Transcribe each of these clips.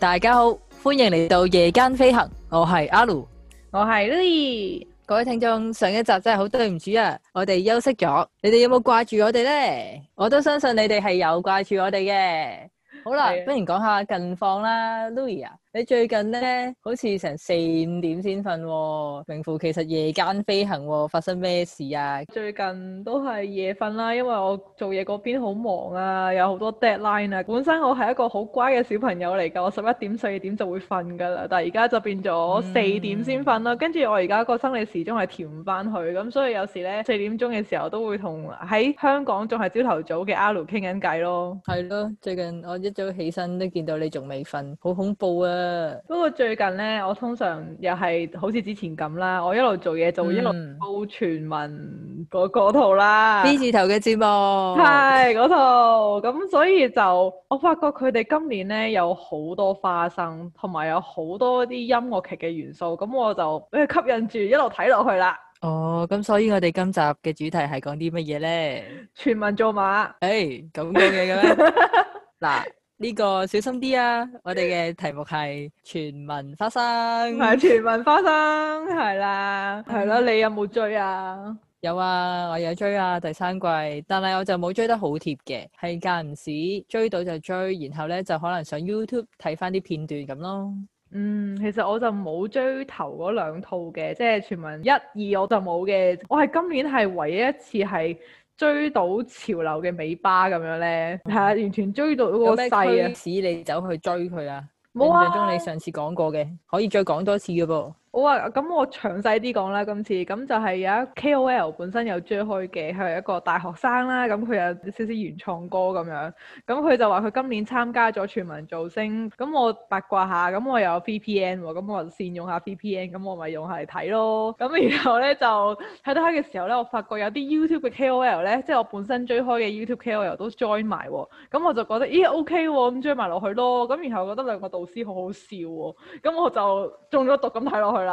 大家好，歡迎嚟到夜間飛行，我係阿盧，我係 Louis，各位聽眾，上一集真係好對唔住啊，我哋休息咗，你哋有冇掛住我哋呢？我都相信你哋係有掛住我哋嘅。好啦，不如講下近況啦，Louis 啊。你最近咧好似成四五點先瞓，名副其實夜間飛行啊。發生咩事啊？最近都係夜瞓啦啊，因為我做嘢嗰邊好忙啊，有好多 deadline 啊。本身我係一個好乖嘅小朋友嚟噶，我十一點、十二點就會瞓噶啦，但係而家就變咗四點先瞓啦。跟住、嗯、我而家個生理時鐘係調唔翻去，咁所以有時咧四點鐘嘅時候都會同喺香港仲係朝頭早嘅阿露傾緊偈咯。係咯，最近我一早起身都見到你仲未瞓，好恐怖啊！誒，不過最近咧，我通常又係好似之前咁啦，我一路做嘢就一路報全民嗰套啦，B 字頭嘅節目係嗰套，咁、 那個，所以就我發覺佢哋今年咧有好多花生，同埋有好多啲音樂劇嘅元素，咁我就俾佢吸引住一路睇落去啦。哦，咁所以我哋今集嘅主題係講啲乜嘢咧？全民做馬，誒、欸，咁嘅嘢嘅咩？嗱。 呢、這個小心啲啊！我哋嘅題目係《全民花生》，係《全民花生》，係啦，係咯。你有冇追啊、嗯？有啊，我有追啊，第三季，但係我就冇追得好貼嘅，係間唔時追到就追，然後呢就可能上 YouTube 睇返啲片段咁咯。嗯，其實我就冇追頭嗰兩套嘅，即係《全民一》一《二》我，我就冇嘅。我係今年係唯一一次係。追到潮流嘅尾巴咁樣咧，係啊，完全追到嗰個勢啊！似你走去追佢啊。冇印象中你上次講過嘅，可以再講多次嘅噃。好啊，咁我詳細啲講啦，今次咁就係有一 KOL 本身有追開嘅，係一個大學生啦，咁佢有少少原創歌咁樣，咁佢就話佢今年參加咗全民造星，咁我八卦下，咁我又有 VPN 喎，咁我就善用下 VPN，咁我咪用嚟睇咯，咁然後咧就睇得開嘅時候咧，我發覺有啲 YouTube 嘅 KOL 咧，即係我本身追開嘅 YouTube KOL 都 join 埋喎，咁我就覺得咦 OK 喎、哦，咁 join 埋落去咯，咁然後我覺得兩個導師好好笑喎、哦，咁我就中咗毒咁睇落去。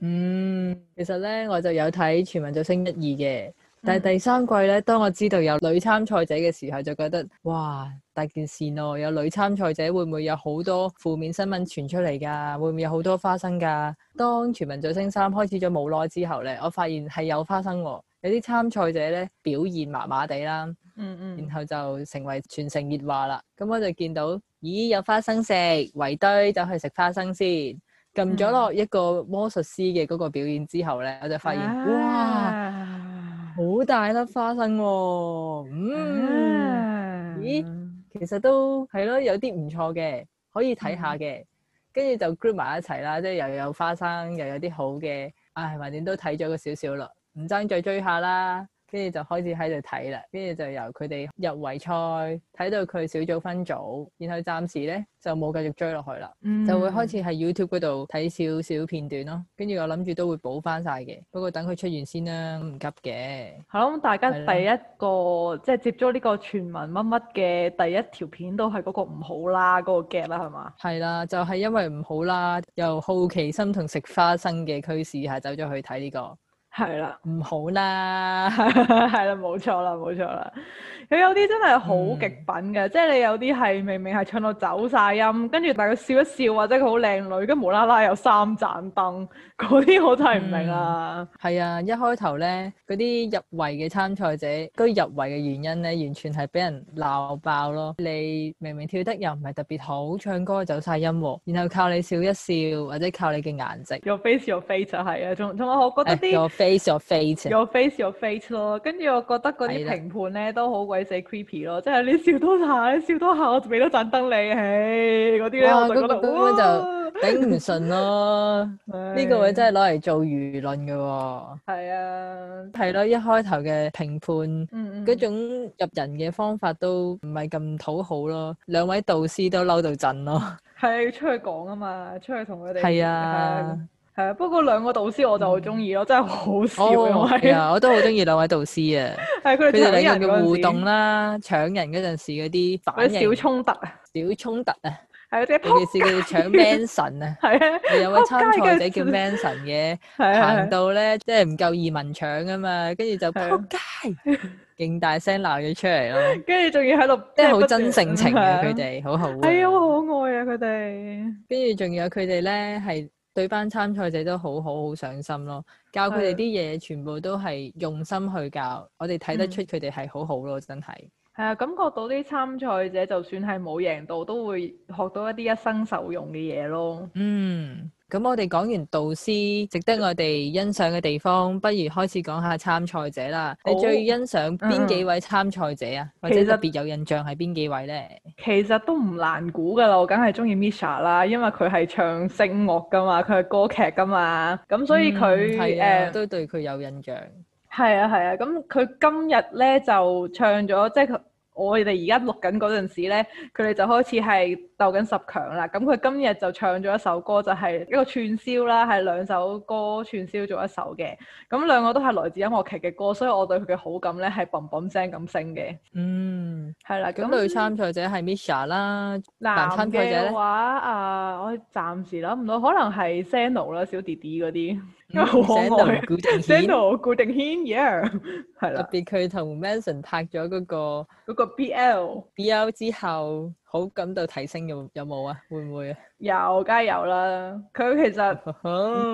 嗯，其實咧我就有睇全民造星一二嘅，但係第三季咧，當我知道有女參賽者嘅時候，就覺得哇大件事哦、啊，有女參賽者會唔會有好多負面新聞傳出嚟噶？會唔會有好多花生噶？當全民造星三開始咗冇耐之後咧，我發現係有花生，有啲參賽者咧表現麻麻地啦，嗯嗯，然後就成為全城熱話啦。咁我就見到，咦，有花生食，圍堆走去食花生先。撳咗落一個魔術師嘅嗰個表演之後咧，我就發現、啊、哇，好大粒花生喎、啊！嗯，啊、咦，其實都係咯，有啲唔錯嘅，可以睇下嘅。跟住、嗯、就 group 埋一齊啦，即係又有花生，又有啲好嘅。唉，橫掂都睇咗個少少啦，唔爭再追下啦。跟住就開始喺度睇啦，跟住就由佢哋入圍賽睇到佢小組分組，然後暫時咧就冇繼續追落去啦，嗯、就會開始喺 YouTube 嗰度睇少少片段咯。跟住我諗住都會補翻晒嘅，不過等佢出完先啦，唔急嘅。係咯，大家第一個，即係接觸呢個全民乜乜嘅第一條片都係嗰個唔好啦，嗰個 gap 啦係嘛？係啦，就係因為唔好啦，由好奇心同食花生嘅驅使下走咗去睇呢個。係啦，唔好啦，係 啦，冇錯啦，冇錯啦。佢有啲真係好極品嘅，即係你有啲係明明係唱到走晒音，跟住大家笑一笑，或者佢好靚女，跟無啦啦有三盞燈，嗰啲我睇唔明啊。係啊、嗯，一開頭咧，嗰啲入圍嘅參賽者，都入圍嘅原因咧，完全係俾人鬧爆咯。你明明跳得又唔係特別好，唱歌走晒音，然後靠你笑一笑，或者靠你嘅顏值 your face, your face，哎。Your face, your face 就係啊。仲仲有我覺得啲。Your face your face，有 face your face 咯，跟住我覺得嗰啲評判咧都好鬼死 creepy 咯，即係的你笑多下，你笑多下，笑多下我就俾多盞燈你，嗰啲咧我就覺得根本就頂唔順咯。呢、 哎、個位真係攞嚟做輿論嘅喎。係啊，係咯的，一開頭嘅評判嗰、嗯嗯、種入人嘅方法都唔係咁討好咯。兩位導師都嬲到震咯。係要出去講啊嘛，出去同佢哋。係啊。.係啊，不過兩個導師我就好中意咯，真係好笑啊！我都好中意兩位導師啊。係佢哋兩人嘅互動啦，搶人嗰陣時嗰啲反應。小衝突啊！小衝突啊！係尤其是佢哋搶 Manson 啊！係啊，有位參賽者叫 Manson 嘅，行到咧即係唔夠移民搶啊嘛，跟住就撲街，勁大聲鬧嘢出嚟咯。跟住仲要喺度，即係好真性情啊！佢哋好好係啊，我好愛啊！佢哋。跟住仲有佢哋咧係。對班參賽者都好好好上心咯，教佢哋啲嘢全部都係用心去教，的我哋睇得出佢哋係好好咯，真係。係啊，感覺到啲參賽者就算係冇贏到，都會學到一啲一生受用嘅嘢咯。嗯。咁我哋講完導師，值得我哋欣賞嘅地方，不如開始講下參賽者啦。哦、你最欣賞邊幾位參賽者啊？實或者特別有印象係邊幾位咧？其實都唔難估噶啦，我梗係中意 Misha 啦，因為佢係唱聲樂噶嘛，佢係歌劇噶嘛，咁所以佢誒、嗯呃、都對佢有印象。係啊係啊，咁佢今日咧就唱咗，即係佢。我哋而家錄緊嗰陣時咧，佢哋就開始係鬥緊十強啦。咁佢今日就唱咗一首歌，就係、是、一個串燒啦，係兩首歌串燒咗一首嘅。咁兩個都係來自音樂劇嘅歌，所以我對佢嘅好感咧係嘣嘣聲咁升嘅。嗯，係啦。咁女參賽者係 Misha 啦，男參賽者嘅話啊、呃，我暫時諗唔到，可能係 Seno 啦，小弟弟嗰啲。 哦、好可愛啊！Santino 固定軒，yeah，係啦。 特別佢同 Manson 拍咗嗰個 BL，BL 之後好感度提升有有冇啊？會唔會啊？有，梗係有啦。佢其實呢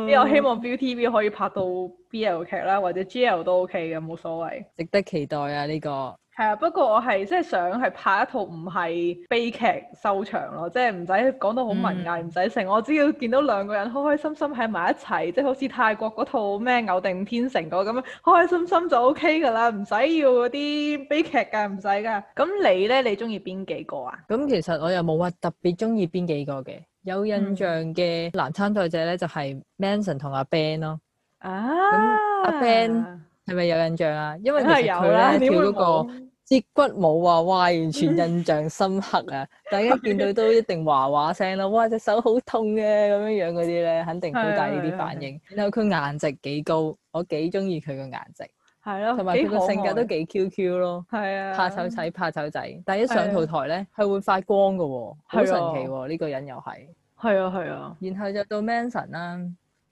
我希望 ViuTV 可以拍到 BL 劇啦，或者 GL 都 OK 嘅，冇所謂。值得期待啊！呢、呢個。係不過我係即係想係拍一套唔係悲劇收場咯，即係唔使講到好文藝，唔使、嗯、成。我只要見到兩個人開開心心喺埋一齊，即係好似泰國嗰套咩《偶定天成》嗰咁樣，開開心心就 O K 㗎啦，唔使要嗰啲悲劇㗎，唔使㗎。咁你咧，你中意邊幾個啊？咁、嗯、其實我又冇話特別中意邊幾個嘅，有印象嘅男參賽者咧就係 Manson 同阿 Ben 咯。啊、嗯，阿 Ben 係咪有印象啊？因為其實佢咧有啦，點跌骨冇啊，哇！完全印象深刻啊， 大家見到都一定嘩嘩聲咯，哇！隻手好痛嘅，咁樣樣嗰啲咧，肯定好大呢啲反應。 對對對，然後佢顏值幾高，我幾中意佢個顏值，係咯了，同埋佢個性格都幾 Q Q 咯，係啊的，怕醜仔怕醜仔。但係一上舞台咧，係的會發光噶喎，好神奇喎，啊！呢的個人又係，係啊係啊。的 然後就到 Manson 啦，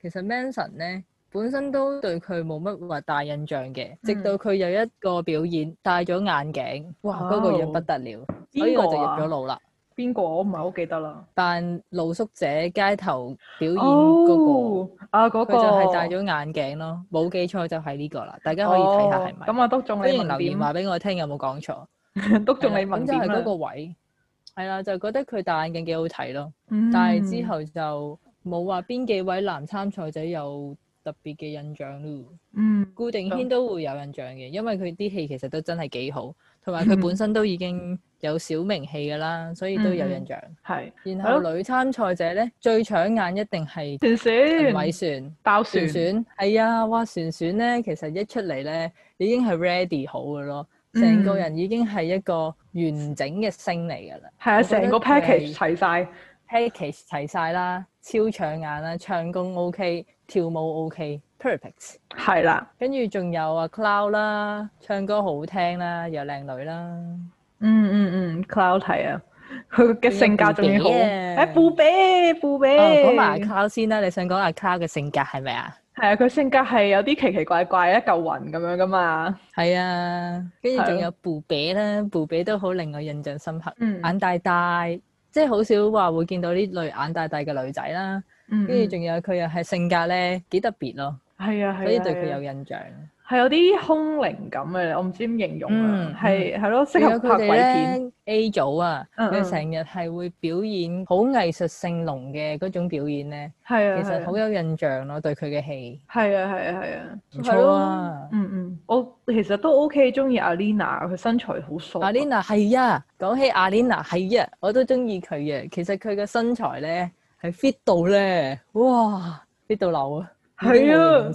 其實 Manson 咧。本身都對佢冇乜話大印象嘅，直到佢有一個表演，戴咗眼鏡，哇，嗰個樣不得了，所以我就入咗腦啦。邊個？我唔係好記得啦。扮露宿者街頭表演嗰個，啊嗰個，佢就係戴咗眼鏡咯，冇記錯就係呢個啦。大家可以睇下係咪？咁啊，篤中你邊邊留言話俾我聽，有冇講錯？篤中你未問，就係嗰個位，係啦，就覺得佢戴眼鏡幾好睇咯。但係之後就冇話邊幾位男參賽者有特別嘅印象咯，嗯，顧定軒都會有印象嘅，嗯、因為佢啲戲其實都真係幾好，同埋佢本身都已經有小名氣噶啦，所以都有印象。係、嗯，然後女參賽者咧，嗯、最搶眼一定係船船、米船、包船。船係啊，哇！船船咧，其實一出嚟咧，已經係 ready 好嘅咯，成、嗯、個人已經係一個完整嘅星嚟噶啦。係啊，成個 package 齊晒，package 齊晒啦，超搶眼啦，唱功 OK。跳舞 OK，perfect，OK，係啦的。跟住仲有阿 Cloud 啦，唱歌好聽啦，又靚女啦。嗯嗯嗯，Cloud 係啊，佢 嘅性格仲要好。誒、嗯，布比 Yeah.、哎，布比。講埋、哦、Cloud 先啦，你想講阿 Cloud 嘅性格係咪啊？係啊，佢性格係有啲奇奇怪怪一嚿雲咁樣噶嘛。係啊，跟住仲有布比的啦，布比都好令我印象深刻。嗯、眼大大，即係好少話會見到呢類眼大大嘅女仔啦。跟住仲有佢又係性格咧幾特別咯，係啊，所以對佢有印象，係有啲空靈感嘅，我唔知點形容，嗯，係係咯，適合拍鬼片。A 組啊，佢成日係會表演好藝術性濃嘅嗰種表演咧，係啊，其實好有印象咯，對佢嘅戲。係啊係啊係啊，唔錯啊。嗯嗯，我其實都 OK 中意阿 Lina，佢身材好索。阿 Lina 係啊，講起阿 Lina 係啊，我都中意佢啊。其實佢嘅身材咧。係 fit 到咧，哇 fit 到流啊！係啊，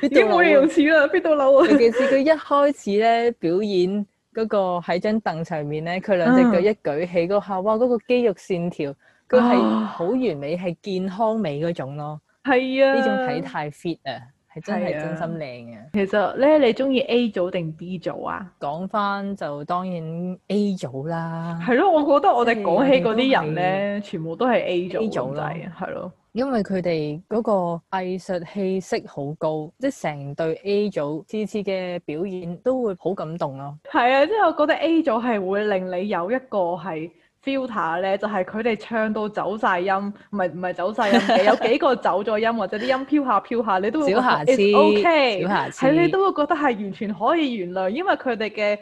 點冇用詞啊！fit 到流啊！流啊！尤其是佢一開始咧表演嗰個喺張凳上面咧，佢 兩隻腳一舉起嗰下，哇！嗰、嗰個肌肉線條，佢係好完美，係 健康美嗰種咯。係啊，呢、啊、種體態 fit 啊！係真係真心靚嘅。其實咧，你中意 A 組定 B 組啊？講翻就當然 A 組啦。係咯，我覺得我哋講起嗰啲人咧，的全部都係 A 組 A 組啦。係咯，的因為佢哋嗰個藝術氣息好高，即係成隊 A 組次次嘅表演都會好感動咯。係啊，即係我覺得 A 組係會令你有一個係。Filter 咧就係佢哋唱到走晒音，唔係唔係走晒音 有幾個走咗音或者啲音飄下飄下，你都會覺得 it's OK，係你都會覺得係完全可以原諒，因為佢哋嘅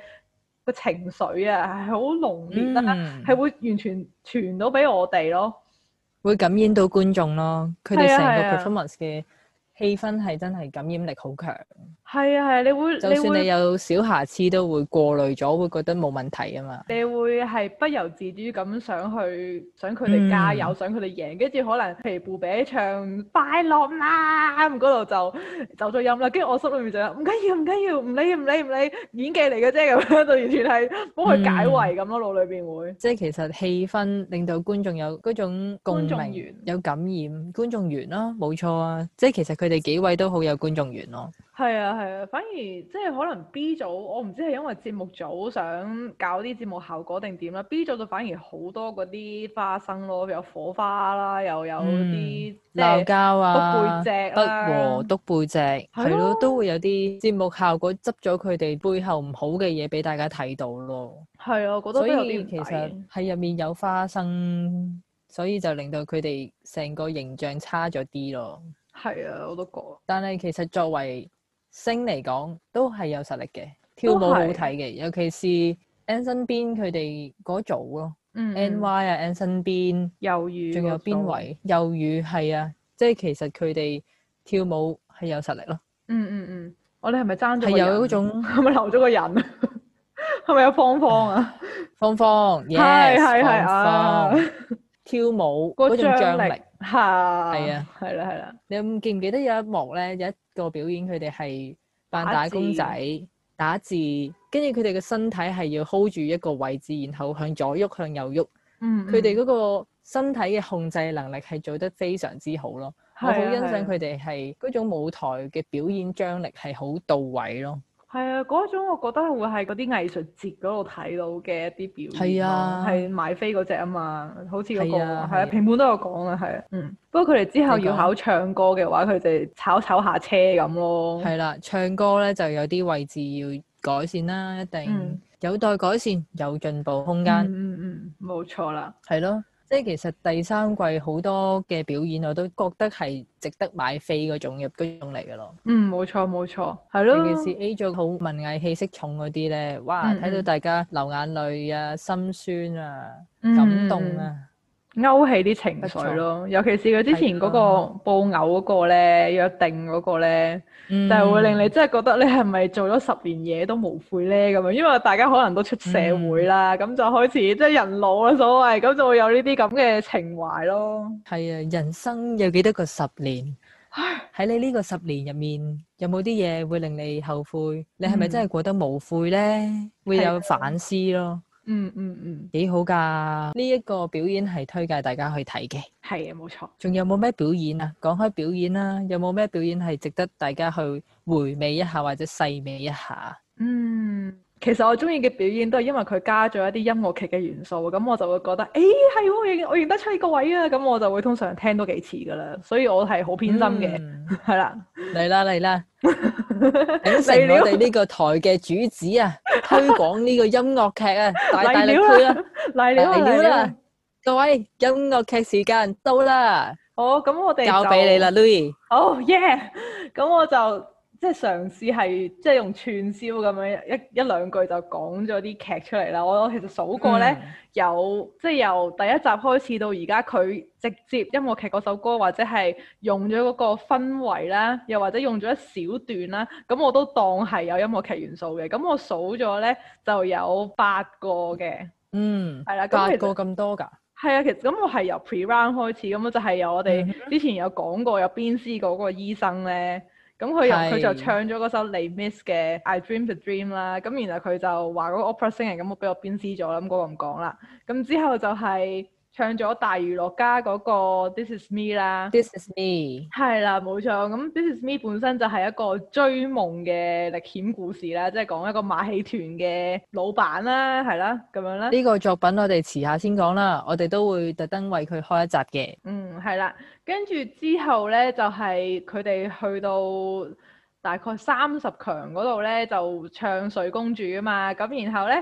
個情緒啊係好濃烈啦，係、嗯、會完全傳到俾我哋咯，會感染到觀眾咯，佢哋成個 performance 嘅氣氛係真係感染力好強。係啊係啊，你會，就算你有小瑕疵都會過濾咗，會覺得冇問題啊嘛。你會係不由自主咁想去想佢哋加油，嗯、想佢哋贏，跟住可能譬如比唱快樂啦，咁嗰度就走咗音啦。跟住我心裏面就唔緊要，唔緊要，唔理唔理唔理，演技嚟嘅啫，咁樣就完全係幫佢解圍咁咯，嗯、腦裏邊會。即係其實氣氛令到觀眾有嗰種共鳴，有感染觀眾緣咯，冇錯啊。即係其實佢哋幾位都好有觀眾緣咯。係啊係啊，反而即係可能 B 組，我唔知係因為節目組想搞啲節目效果定點啦。B 組就反而好多嗰啲花生咯，有火花啦，又有啲、嗯、即係、鬧交啊，督背脊啦、不和、督背脊，係咯、啊，都會有啲節目效果，執咗佢哋背後唔好嘅嘢俾大家睇到咯。係啊，我覺得都有啲嘢，所以其實喺入面有花生，所以就令到佢哋成個形象差咗啲咯。係啊，我都覺。但係其實作為星嚟講都係有實力嘅，跳舞好睇嘅，尤其是 Anson 邊佢哋嗰組咯，NY 啊 Anson 邊，魷魚，仲有邊位魷魚。係啊，即係其實佢哋跳舞係有實力咯。嗯嗯嗯，我哋係咪爭咗？係有嗰種，係咪留咗個人？係咪有芳芳啊？芳芳，耶！係係係啊，跳舞嗰種張力。係哈啊，係啦、啊，係啦、啊。你記唔記得有一幕咧，有一個表演，佢哋係扮打工仔打字，跟住佢哋嘅身體係要 hold 住一個位置，然後向左喐，向右喐。嗯，嗯。佢哋嗰個身體嘅控制能力係做得非常之好咯，啊、我好欣賞佢哋係嗰種舞台嘅表演張力係好到位咯。係啊，嗰種我覺得會係嗰啲藝術節嗰度睇到嘅一啲表演，係啊，係買飛嗰隻啊嘛，好似嗰、嗰個係啊，評判、啊啊、都有講啊，係啊，嗯，不過佢哋之後要考唱歌嘅話，佢哋、啊、炒炒下車咁咯。係啦、啊，唱歌咧就有啲位置要改善啦，一定有待改善，有進步空間。嗯嗯，冇、嗯嗯嗯、錯啦。係咯、啊。即係其實第三季好多嘅表演，我都覺得係值得買飛嗰種入嗰種嚟嘅咯。嗯，冇錯冇錯，係咯。尤其是 A 組好文藝氣息重嗰啲咧，哇！睇、嗯、到大家流眼淚啊、心酸啊、感動啊。嗯勾起啲情緒咯，尤其是佢之前嗰個布偶嗰個咧，的約定嗰個咧，嗯、就係會令你真係覺得你係咪做咗十年嘢都無悔咧咁樣？因為大家可能都出社會啦，咁、嗯、就開始即係人老啦，所謂咁就會有呢啲咁嘅情懷咯。係啊，人生有幾多個十年？喺 你呢個十年入面，有冇啲嘢會令你後悔？嗯、你係咪真係過得無悔咧？會有反思咯。 嗯嗯嗯，幾好㗎！呢一個表演係推介大家去睇嘅，係啊，冇錯。仲有冇咩表演啊？講開表演啦，有冇咩表演係值得大家去回味一下或者細味一下？嗯。其實我中意嘅表演都係因為佢加咗一啲音樂劇嘅元素，咁我就會覺得，誒係喎，我認得出呢個位啊，咁我就會通常聽多幾次噶啦，所以我係好偏心嘅，係啦，嚟啦嚟啦，成我哋呢個台嘅主旨啊，推廣呢個音樂劇啊，大大力推啦，嚟料啦，各位音樂劇時間到啦，好，咁我哋交俾你啦，Louis，哦耶，咁我就。即係嘗試係即係用串燒咁樣一一兩句就講咗啲劇出嚟啦。我其實數過咧，嗯、有即係由第一集開始到而家，佢直接音樂劇嗰首歌，或者係用咗嗰個氛圍啦，又或者用咗一小段啦，咁我都當係有音樂劇元素嘅。咁我數咗咧就有八個嘅，嗯，係啦，八個咁多㗎。係啊，其實咁我係由 pre run 開始，咁就係由我哋之前有講過、嗯、哼有編師嗰個醫生咧。咁佢就唱咗嗰首 Les Mis 嘅 I Dream the Dream 啦的，咁然後佢就話嗰個 opera singer 咁，我俾我鞭屍咗啦，咁嗰個唔講啦，咁之後就係、是。唱咗《大娛樂家》嗰個《This Is Me》啦，This is《This Is Me》係啦，冇錯。咁《This Is Me》本身就係一個追夢嘅歷險故事啦，即係講一個馬戲團嘅老闆啦，係啦，咁樣啦。呢個作品我哋遲下先講啦，我哋都會特登為佢開一集嘅。嗯，係啦。跟住之後呢，就係佢哋去到大概三十強嗰度呢，就唱《水公主》啊嘛。咁然後呢。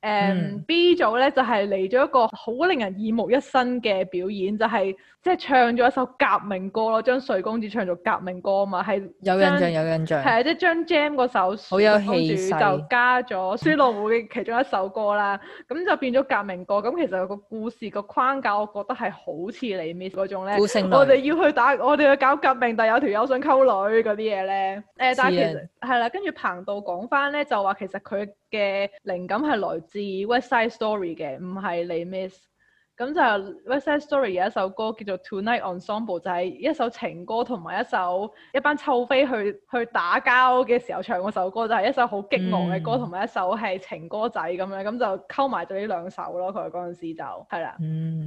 誒、um, B 組咧就係嚟咗一個好令人耳目一新嘅表演，就係、是。即係唱咗一首革命歌咯，將睡公主唱做革命歌啊嘛，係有印象，有印象，係即係將 Jam 嗰首好有氣勢就加咗《雪狼湖》嘅其中一首歌啦，咁 就變咗革命歌。咁其實個故事個框架，我覺得係好似你 Miss 嗰種咧，我哋要去打，我哋去搞革命，但有條友想溝女嗰啲嘢咧。誒、呃，但係其實係啦人，跟住彭導講翻咧，就話其實佢嘅靈感係來自 West Side Story 嘅，唔係你 Miss。咁就 West Side Story 有一首歌叫做 Tonight，Ensemble 就係一首情歌同埋一首一班臭飛去去打交嘅時候唱嗰首歌，就係、是、一首好激昂嘅歌同埋一首係情歌仔咁樣，咁、嗯、就溝埋咗呢兩首咯。佢嗰陣時就係啦。咁、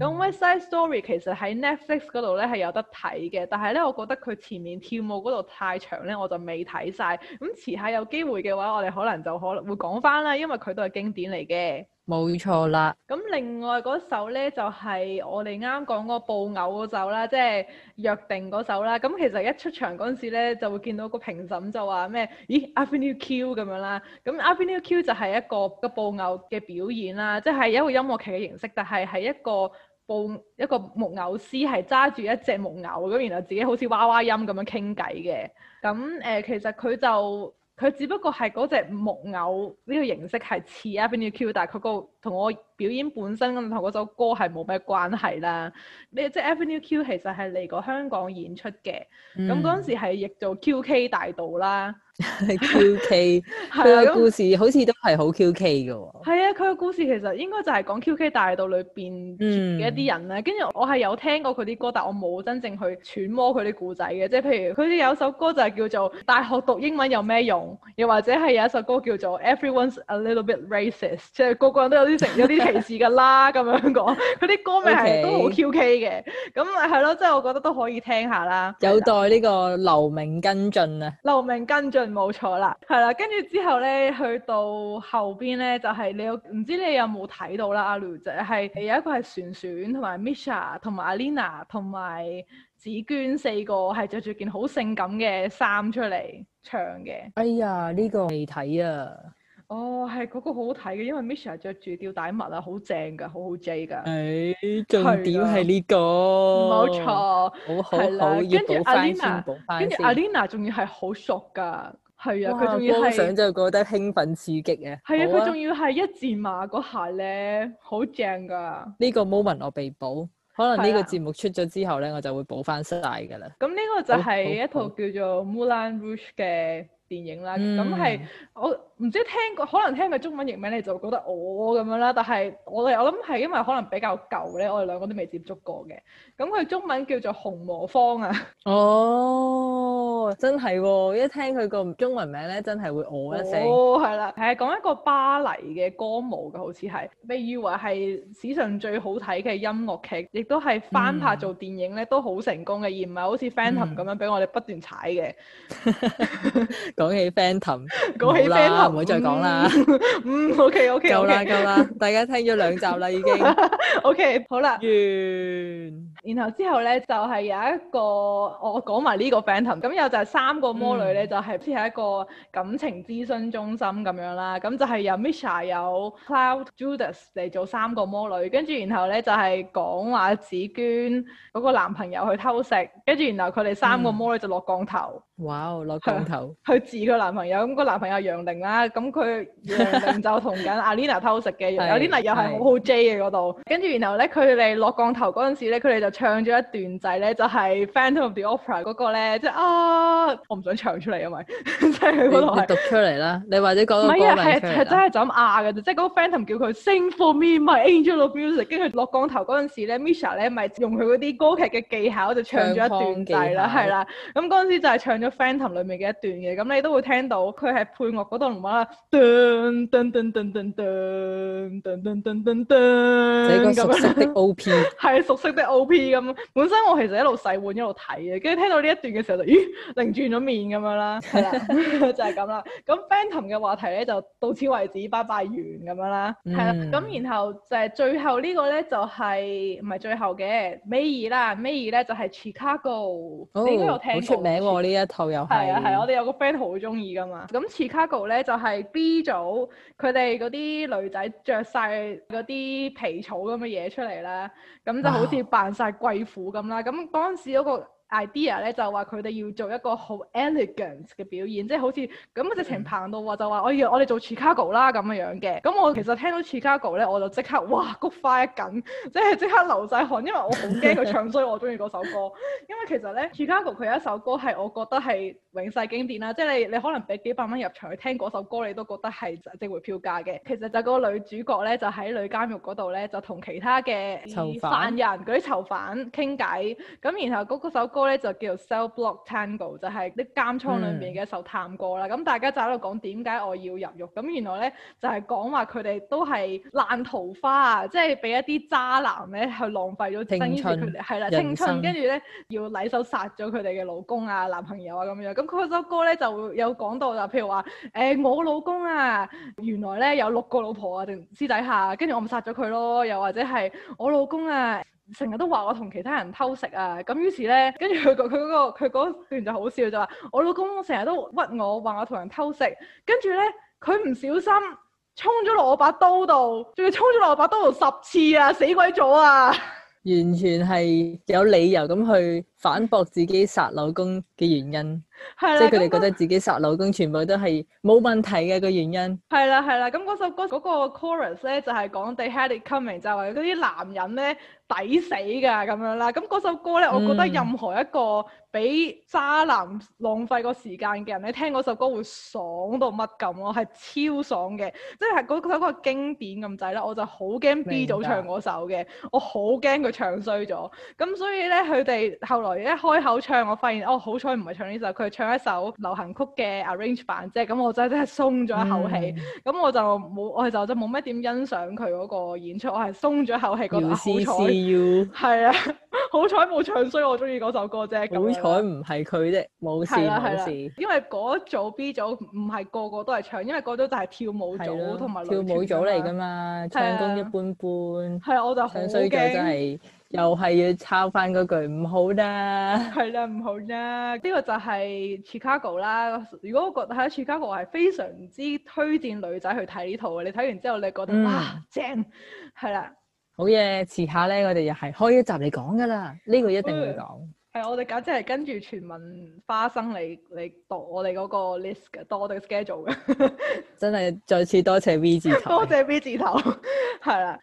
嗯、West Side Story 其實喺 Netflix 嗰度咧係有得睇嘅，但係咧我覺得佢前面跳舞嗰度太長咧，我就未睇晒。咁、嗯、遲下有機會嘅話，我哋可能就可能會講翻啦，因為佢都係經典嚟嘅。冇錯啦。咁另外嗰首咧就係、是、我哋啱啱講嗰個布偶嗰首啦，即係約定嗰首啦。咁其實一出場嗰陣時咧，就會見到個評審就話咩？咦，Avenue Q 咁樣啦。咁 Avenue Q 就係、是、一個一個布偶嘅表演啦，即係一個音樂劇嘅形式，但係係一個布一個木偶師係揸住一隻木偶咁，然後自己好似娃娃音咁樣傾偈嘅。咁誒、呃，其實佢就～佢只不過係嗰隻木偶呢個形式係似 Avenue Q，但係佢個同我表演本身咁同嗰首歌係冇咩關係啦。你即係 Avenue Q 其實係嚟過香港演出嘅，咁陣、嗯、時係譯做 QK 大道啦。係 QK，佢個故事好似都係好 QK 嘅喎。係、嗯、啊，佢嘅故事其實應該就係講 QK 大道裏邊嘅一啲人咧，跟住、嗯、我係有聽過佢啲歌，但我冇真正去揣摩佢啲故仔嘅。即係譬如佢有一首歌就係叫做《大學讀英文有咩用》，又或者係有一首歌叫做《Everyone's a Little Bit Racist》，即係個個人都有啲成有啲。 提次噶啦，咁樣講，佢啲歌名係 Okay. 都好 QK 嘅，咁係咯，即係我覺得都可以聽下啦。有待呢個留名跟進啊，留名跟進冇錯啦，係啦，跟住之後咧，去到後邊咧，就係、是、你有唔知你有冇睇到啦，阿盧仔係有一個係璇璇同埋 Misha 同埋阿 Lina 同埋梓娟四個係着住件好性感嘅衫出嚟唱嘅。哎呀，呢、這個未睇啊！哦，係嗰個好好睇嘅，因為 Misha 着住吊帶襪啊，好正噶，好好 J 噶。誒，重點係呢個冇錯，好好好要補翻先，補翻先。跟住 Alina 仲要係好熟噶，係啊，佢仲要係，即就覺得興奮刺激嘅。係啊，佢仲要係一字馬嗰下咧，好正噶。呢個 moment 我被補，可能呢個節目出咗之後咧，我就會補翻晒噶啦。咁呢個就係一套叫做《Moulin Rouge》嘅電影啦。咁係我。唔知聽過，可能聽佢中文譯名你就覺得我咁樣啦。但係我哋我諗係因為可能比較舊咧，我哋兩個都未接觸過嘅。咁佢中文叫做紅磨坊啊！哦，真係喎、哦！一聽佢個中文名咧，真係會「我」一聲。哦，係啦，係講一個巴黎嘅歌舞嘅，好似係被譽為係史上最好睇嘅音樂劇，亦都係翻拍做電影咧、嗯、都好成功嘅，而唔係好似 Ph、嗯《Phantom》咁樣俾我哋不斷踩嘅。講 起《Phantom》，講起《Phantom》。唔會再講啦。嗯，OK，OK，夠啦，夠啦，大家聽咗兩集啦，已經。OK，好啦了。完。然後之後咧，就係、是、有一個我講埋呢個 Phantom 咁有就係三個魔女咧，嗯、就係似係一個感情諮詢中心咁樣啦。咁就係有 Misha 有 Cloud Judas 嚟做三個魔女，跟住然後咧就係、是、講話紫娟嗰個男朋友去偷食，跟住然後佢哋三個魔女就落降頭。嗯。哇！落、wow，降頭，佢治佢男朋友咁，佢、那個、男朋友楊寧啦，咁佢楊寧就同緊阿 Lina 偷食嘅，阿 Lina 又係好好 J 嘅嗰度。的跟住然後咧，佢哋落降頭嗰陣時咧，佢哋就唱咗一段仔咧，就係、是《Phantom of the Opera》嗰個咧，即係啊，我唔想唱出嚟因為，即係嗰度係。你讀出嚟啦，你或者講。唔係啊，係係真係就咁啊嘅，即係嗰個 Phantom 叫佢 Sing for me, my angel of music。跟住落降頭嗰陣時咧 Misha 咧咪用佢嗰啲歌劇嘅技巧就唱咗一段仔啦，係啦。咁嗰陣時就係唱咗。Phantom 裏面嘅一段嘅，咁你都會聽到，佢係配樂嗰度唔好啦，噔噔噔噔噔噔噔噔噔噔噔，呢個熟悉的 OP，係熟悉的 OP 咁。本身我其實一路洗碗一路睇嘅，跟住聽到呢一段嘅時候就咦，擰轉咗面咁樣啦，係啦，就係咁啦。咁 Phantom 嘅話題咧就到此為止，拜拜完咁樣啦，係啦。咁然後就係最後呢個咧，就係唔係最後嘅尾二啦，尾二咧就係 Chicago，你都有聽過，出名呢一套。係啊，係啊，我哋有個 friend 好中意㗎嘛。咁似 Chicago 咧，就係、是、B 組佢哋嗰啲女仔着晒嗰啲皮草咁嘅嘢出嚟啦，咁就好似扮晒貴婦咁啦。咁哇當時時、那、嗰個。idea 咧，就話佢哋要做一個好 elegant 嘅表演，即係好似咁、嗯、直情膨到話就話我要我哋做 Chicago 啦咁樣樣嘅。咁我其實聽到 Chicago 咧，我就即刻哇菊花一緊，即係即刻流晒汗，因為我好驚佢唱衰我中意首歌。 因為其實咧 Chicago 佢一首歌係我覺得係永世經典啦，即係你你可能俾幾百蚊入場去聽首歌，你都覺得係值回票價嘅。其實就個女主角咧，就喺女監獄度咧，就同其他嘅犯人嗰啲囚犯傾偈，咁然後嗰首歌。歌咧就叫做 Cell Block Tango，就係、是、啲監倉裏面嘅一首探戈啦。咁、嗯、大家就喺度講點解我要入獄？咁原來咧就係講話佢哋都係爛桃花啊，即係俾一啲渣男咧去浪費咗青春，係啦生青春。跟住咧要攬手殺咗佢哋嘅老公啊、男朋友啊咁樣。咁佢首歌咧就有講到就譬如話，誒、欸、我老公啊，原來咧有六個老婆啊，定私底下，跟住我咪殺咗佢咯，又或者係我老公啊。成日都話我同其他人偷食啊！咁於是呢，跟住佢佢嗰佢段就好笑，就話我老公成日都屈我話我同人偷食，跟住呢，佢唔小心衝咗落我把刀度，仲要衝咗落我把刀度十次啊！死鬼咗啊！完全係有理由咁去反駁自己殺老公嘅原因，係啦的，即係佢哋覺得自己殺老公全部都係冇問題嘅的個原因。係啦，係啦，咁首歌個 chorus 咧，就係、是、講 they had it coming，就係話啲男人咧抵死㗎咁樣啦。咁首歌咧，我覺得任何一個俾渣男浪費個時間嘅人，嗯、你聽首歌會爽到乜咁咯，係超爽嘅，即係首嗰經典咁滯啦。我就好驚 B 組唱首嘅，我好驚佢唱衰咗。咁所以咧，佢哋後來。一開口唱，我發現哦，好彩唔係唱呢首，佢係唱一首流行曲嘅 arrange 版啫。咁我就真係鬆咗一口氣。咁我就冇，我就真冇乜點欣賞佢嗰個演出。我係鬆咗一口氣，覺得好彩。係啊，好彩冇唱衰我中意嗰首歌啫。好彩唔係佢啫，冇事冇事。因為嗰組 B 組唔係個個都係唱，因為嗰組就係跳舞組同埋跳舞組嚟㗎嘛，唱功一般般。係啊，我就好驚。又係要抄翻嗰句唔好啦，係啦唔好啦，呢個就係 Chicago 啦。如果我覺得喺 Chicago 係非常之推薦女仔去睇呢套嘅，你睇完之後你覺得、嗯、啊，正，係啦，好嘢。遲下咧，我哋又係開一集嚟講噶啦，呢個一定會講。係、嗯、我哋簡直係跟住全民花生嚟嚟讀我哋嗰個 list 嘅，多我哋 schedule 嘅。 真係再次多謝 V 字頭， 多謝 V 字頭，係 啦。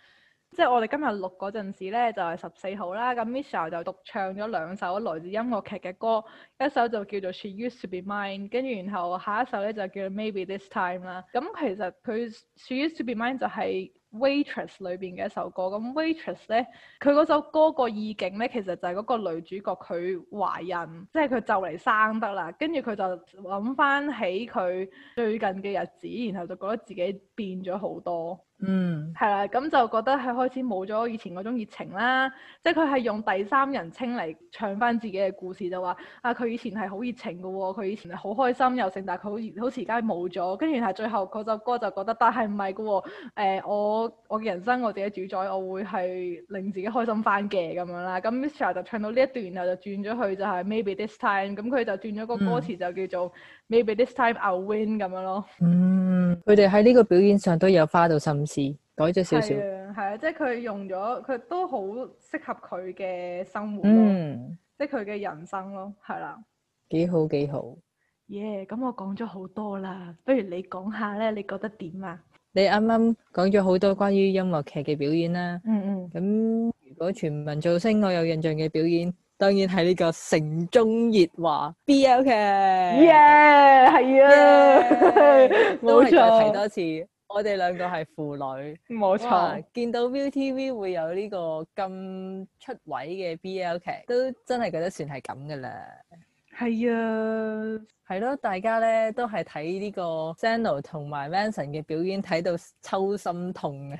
即係我哋今日錄嗰陣時咧，就係十四號啦。咁 Michelle 就獨唱咗兩首來自音樂劇嘅歌，一首就叫做《She Used to Be Mine》，跟住然後下一首咧就叫《Maybe This Time》啦。咁、嗯、其實佢《She Used to Be Mine》就係《Waitress》裏邊嘅一首歌。咁《Waitress》咧，佢嗰首歌個意境咧，其實就係嗰個女主角佢懷孕，即係佢就嚟生得啦。跟住佢就諗翻起佢最近嘅日子，然後就覺得自己變咗好多。嗯，係啦、mm，咁、hmm. 就覺得佢開始冇咗以前嗰種熱情啦，即係佢係用第三人稱嚟唱翻自己嘅故事，就話啊佢以前係好熱情嘅喎、哦，佢以前好開心又盛，但係佢好好似而家冇咗，跟住係最後嗰首歌就覺得，但係唔係嘅喎，誒我我嘅人生我自己主宰，我會係令自己開心翻嘅咁樣啦。咁 Mistral 就唱到呢一段，然後就轉咗去就係 Maybe this time，咁佢就轉咗個歌詞就叫做、mm。Hmm. Maybe this time I win，咁樣咯。嗯，佢哋喺呢個表演上都有花到心思，改咗少少。係啊，係啊，即係佢用咗，佢都好適合佢嘅生活咯。嗯，即係佢嘅人生咯，係啦。幾好幾好。Yeah，咁我講咗好多啦，不如你講下咧，你覺得點啊？你啱啱講咗好多關於音樂劇嘅表演啦。嗯嗯。咁如果全民造星，我有印象嘅表演。當然係呢個城中熱話 BL 劇耶，e 係啊，Yeah! 都係再提多次。 我哋兩個係父女，冇錯。見到 ViuTV 會有呢個咁出位嘅 BL 劇都真係覺得算係咁噶啦。係 啊，係咯，大家呢都係睇呢個 Samuel 同埋 Manson 嘅表演，睇到抽心痛啊！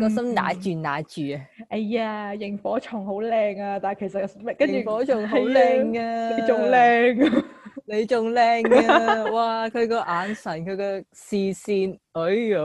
個心揦住，揦住。啊！哎呀，螢火蟲好靚啊，但係其實跟住螢火蟲好靚啊，你仲靚，你仲靚啊！哇，佢個眼神，佢個視線，哎呀，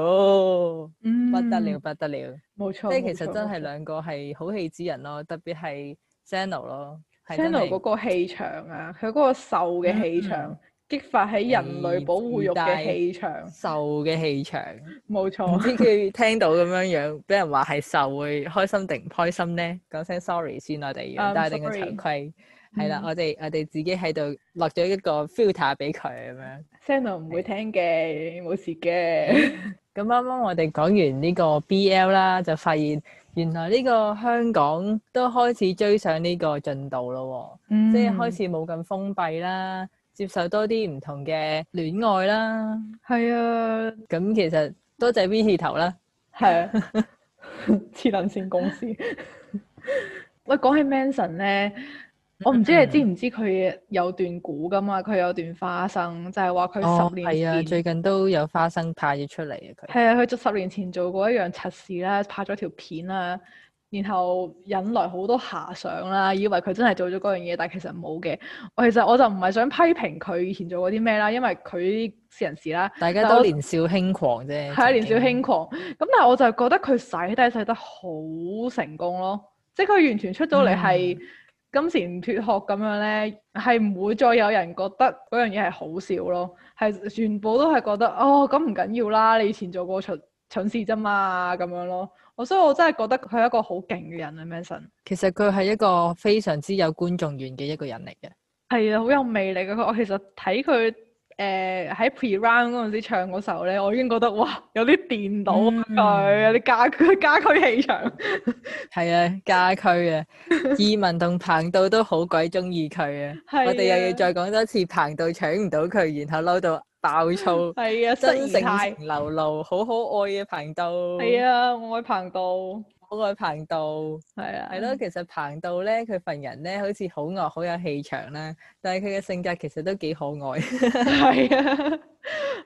嗯、不得了，不得了，冇錯，即係其實真係兩個係好戲之人咯，特別係 Chanel 咯 Chanel 嗰個氣場啊，佢嗰個瘦嘅氣場。嗯嗯激發喺人類保護欲嘅氣場，受嘅氣場，冇錯。知佢聽到咁樣樣，俾 人話係受會開心定唔開心咧？講聲 sorry 先，我哋、 嗯，帶定個頭盔。係啦，我哋我哋自己喺度落咗一個 filter 俾佢咁樣 s e n d e 唔會聽嘅，冇 事嘅。咁啱啱我哋講完呢個 BL 啦，就發現原來呢個香港都開始追上呢個進度咯，嗯、即係開始冇咁封閉啦。接受多啲唔同嘅戀愛啦，係啊，咁其實多謝，謝 V 字頭啦，係啊，恆 生公司。喂，講起 Manson 咧，我唔知你知唔知佢有段估㗎嘛？佢有段花生，就係話佢十年，係、哦、啊，最近都有花生派咗出嚟啊，佢係啊，佢做十年前做過一樣測試啦，拍咗條片啊。然後引來好多遐想啦，以為佢真係做咗嗰樣嘢，但係其實冇嘅。我其實我就唔係想批評佢以前做過啲咩啦，因為佢人事啦，大家都年少輕狂啫。係啊，年少輕狂。咁但係我就覺得佢洗低洗得好成功咯，即係佢完全出到嚟係金蟬脱殼咁樣咧，係唔、嗯、會再有人覺得嗰樣嘢係好笑咯，係全部都係覺得哦咁唔緊要啦，你以前做過蠢蠢事啫嘛咁樣咯。我所以，我真係覺得佢係一個好勁嘅人啊！Mason 其實佢係一個非常之有觀眾緣嘅一個人嚟嘅，係啊，好有魅力嘅。我其實睇佢誒喺、呃、pre-round 嗰陣時唱嗰首咧，我已經覺得哇，有啲電到佢，啊、嗯，啲家居家居氣場。係 啊，家居 啊！二汶同彭導都好鬼中意佢啊！我哋又要再講多一次，彭導搶唔到佢，然後嬲到～爆粗係啊！哎、呀真性情流露，好可愛嘅彭道。係 啊，我愛彭道，我愛彭道。係啊，係咯、就是。其實彭道咧，佢份人咧，好似好惡，好有氣場啦。但係佢嘅性格其實都幾可愛。係啊，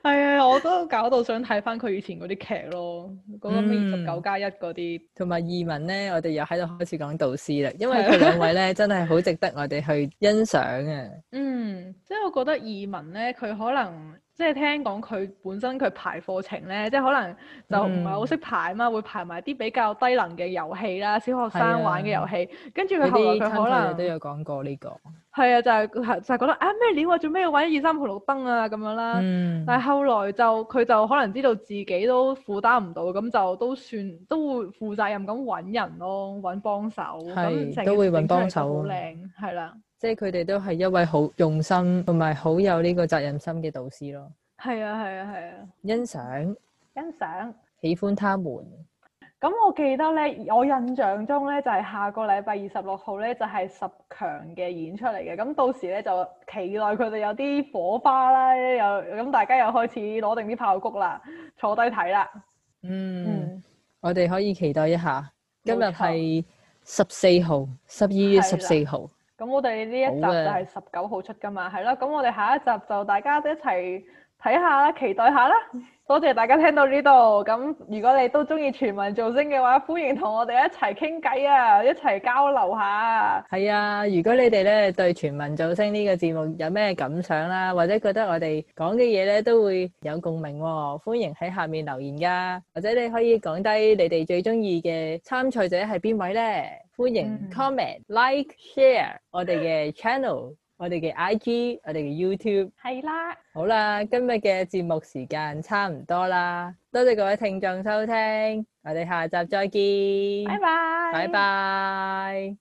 係啊，啊，我都搞到想睇翻佢以前嗰啲劇咯，嗰個二十九加一嗰啲。同埋二汶咧，我哋又喺度開始講導師啦，因為佢兩位咧真係好值得我哋去欣賞啊。嗯，即係我覺得二汶咧，佢可能。即係聽講佢本身佢排課程咧，即係可能就唔係好識排嘛，會排埋啲比較低能嘅遊戲啦，小學生玩嘅遊戲。跟住佢後來佢可能都有講過呢個。係啊，就係就係覺得啊咩料啊，做咩要玩一二三紅綠燈啊咁樣啦。嗯。但係後來就佢就可能知道自己都負擔唔到，咁就都算都會負責任咁揾人咯，揾幫手。係。都會揾幫手。好靚。係啦。即係佢哋都係一位好用心同埋好有呢個責任心嘅導師咯。係啊，係啊，係啊！欣賞，欣賞，喜歡他們。咁我記得咧，我印象中咧就係下個禮拜二十六號咧就係十強嘅演出嚟嘅。咁到時咧就期待佢哋有啲火花啦，又咁大家又開始攞定啲炮谷啦，坐低睇啦。嗯，嗯，我哋可以期待一下。今日係十四號，十二月十四號。咁我哋呢一集就係十九號出噶嘛，係囉的。咁我哋下一集就大家一齊睇下啦，期待下啦。 多謝大家聽到呢度，咁如果你都中意全民造星嘅話，歡迎同我哋一齊傾偈啊，一齊交流下。係啊，如果你哋咧對全民造星呢，這個節目有咩感想啦，啊，或者覺得我哋講嘅嘢咧都會有共鳴，啊，歡迎喺下面留言噶，啊，或者你可以講低你哋最中意嘅參賽者係邊位咧。歡迎 comment、like、share 我哋嘅 channel、我哋嘅 IG、我哋嘅 YouTube。係啦，好啦，今日嘅節目時間差唔多啦，多謝各位聽眾收聽，我哋下集再見，拜拜，拜拜。